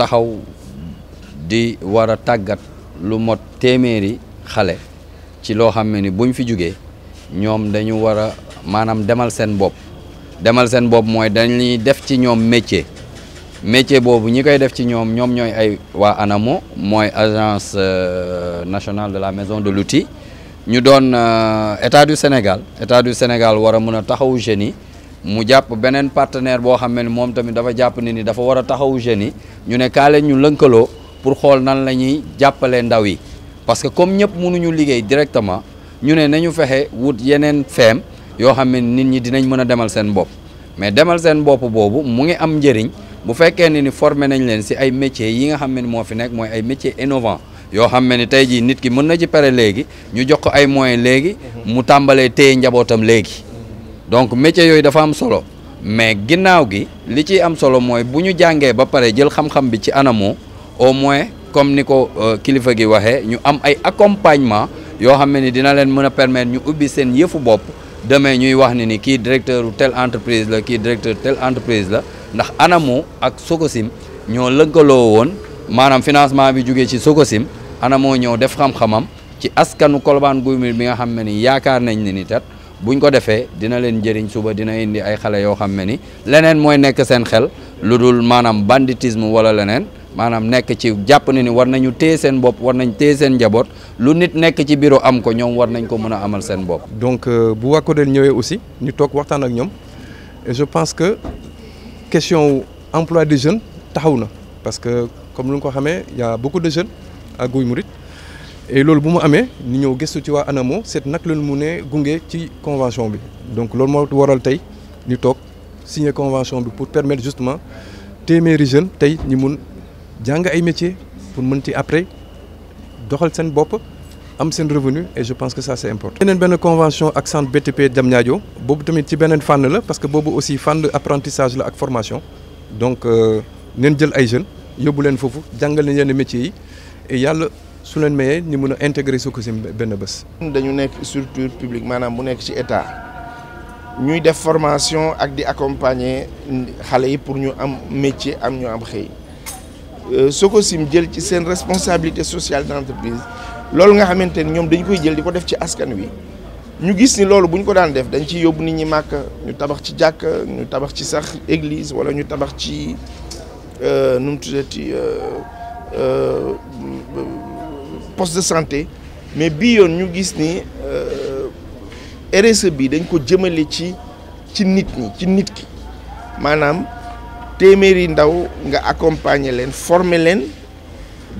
taxaw di war a tàggat lu mot téeméeri xale ci loo xam ne ni buñ fi jógee ñoom dañu war a maanaam demal seen bopp demal seen bopp mooy dañuy def ci ñoom métier métier boobu ñi koy def ci ñoom ñoom ñooy ay waa ANAMO mooy agence euh, nationale de la maison de l'outil ñu doon euh, état du Sénégal état du Sénégal war a a taxawu jeunes mu jàpp beneen partenaire boo xamee ne moom tamit dafa jàpp ne ni dafa war a taxawu jeunes yi ñu ne kaa ñu lënkaloo pour xool nan la ñuy jàppalee ndaw yi parce que comme ñëpp mënuñu liggéey directement ñu ne nañu fexe wut yeneen feem yoo xam ne nit ñi dinañ mën a demal seen bopp mais demal seen bopp boobu mu ngi am njëriñ bu fekkee ne ni formé nañ leen si ay métiers yi nga xam ne moo fi nekk mooy ay métiers innovants yoo xam ne ni tey jii nit ki mën na ci pare léegi ñu jox ko ay léegi mu tàmbalee téye njabootam léegi donc métier yooyu dafa am solo mais ginnaaw gi li ci am solo mooy bu ñu jàngee ba pare jël xam-xam bi ci anamu au moins comme ni ko euh, kilifa gi waxee ñu am ay accompagnement yoo xam ne ni dina leen mën a permettre ñu ubbi seen yëfu bopp demee ñuy wax ni ni kii directeur telle entreprise la kii directeur telle entreprise la ndax anamu ak Sococim ñoo lëkkaloo woon maanaam financement bi jugee ci Sococim anamoo ñëw def xam-xamam ci askanu Colobane Gouye Mille bi nga xam ne ni yaakaar nañ ne ni tat buñ ko défé dina len njëriñ suba dina indi ay xalé yo xamné ne ni leneen mooy nekk seen xel ludul manam banditisme wala lenen manam nek ci jàpp ni war nañu téye seen bop war nañu téye seen jabot lu nit nek ci biro am ko ñom war nañ ko mëna amal seen bop donc euh, bu wakodel ñëwé aussi ñu tok waxtaan ak ñom et je pense que question emploi des jeunes taxawna parce que comme luñ ko xamé il y a beaucoup de jeunes à Gouye Mourid et loolu bu mu amee ñu ñëw gëstu ci waa ANAMO seet nag lañu mu ne gunge ci convention bi donc loolu moo waral tey ñu toog signer convention bi pour permettre justement téeméeri jeunes tey ñu mun jàng ay métiers pour mën après doxal seen bopp am seen revenu et je pense que ça c'est important. beneen benn convention ak centre BTP Diamniadio boobu tamit ci beneen fànn la parce que boobu aussi fan fànn apprentissage la ak formation donc euh, neen jël ay jeunes yóbbu leen foofu jàngal leen yenn métiers yi et yàlla su leen mayee ñu mun a intégrer Sococim si benn bés. dañu nekk structure publique maanaam bu nekk ci état ñuy def formation ak di accompagner xale yi pour ñu am métier am ñu am xëy euh, Sococim jël ci seen responsabilité sociale d'entreprise loolu nga xamante ni ñoom dañ koy jël di ko def ci askan wi. ñu gis ni loolu buñ ko daan def dañ ci yóbbu nit ñi màkk ñu tabax ci jàkk ñu tabax ci sax église wala ñu tabax ci euh, nu mu tuddati euh, poste de santé mais bii yoon ñu gis ni euh, RSE bi dañ ko jëmale ci ci nit ñi ci nit ki maanaam téeméeri ndaw nga accompagner leen former leen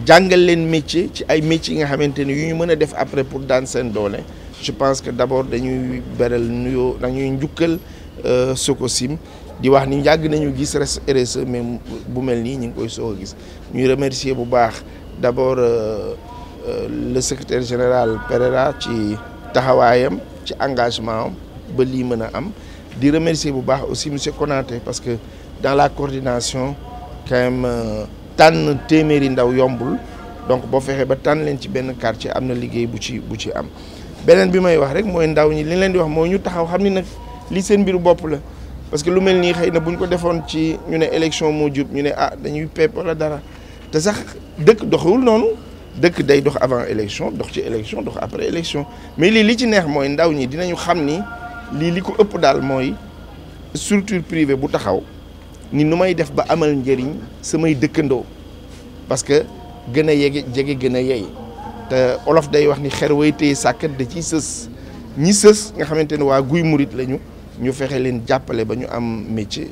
jàngal leen métier ci ay métiers nga xamante ni yu ñu mën def après pour daan seen doole je pense que d'abord dañuy beral nuyoo dañuy njukkal euh, Sococim di wax ni yàgg nañu gis RSE mais bu mel nii ñu ngi koy soog a gis ñuy remercier bu baax d'abord. Euh, euh, le secrétaire général Pereira ci taxawayam ci engagement ba li meuna am di remercier bu baax aussi monsieur Konaté parce que dans la coordination quand même euh, tan téméri ndaw yombul donc bo fexé ba tan len ci ben quartier amna liguey bu ci bu ci am benen bi may wax rek moy ndaw ñi li leen di wax mooy ñu taxaw xamni ni li seen biru bop la parce que lu melni xeyna buñ na ko defoon ci ñu ne élection mo jup ñu ne ah dañuy pepp wala dara te sax dëkk doxul nonu dëkk day dox avant élection dox ci élection dox après élection mais lii li ci neex mooy ndaw ñi dinañu xam ni lii li ko ëpp daal mooy structure privée bu taxaw ni nu may def ba amal njëriñ samay dëkkandoo parce que gën a yege jege gën a yey te olof day wax ni xer way téye sàkkat da ciy sës ñi sës nga xamante ne waa guy murit lañu ñu fexe leen jàppale ba ñu am métier.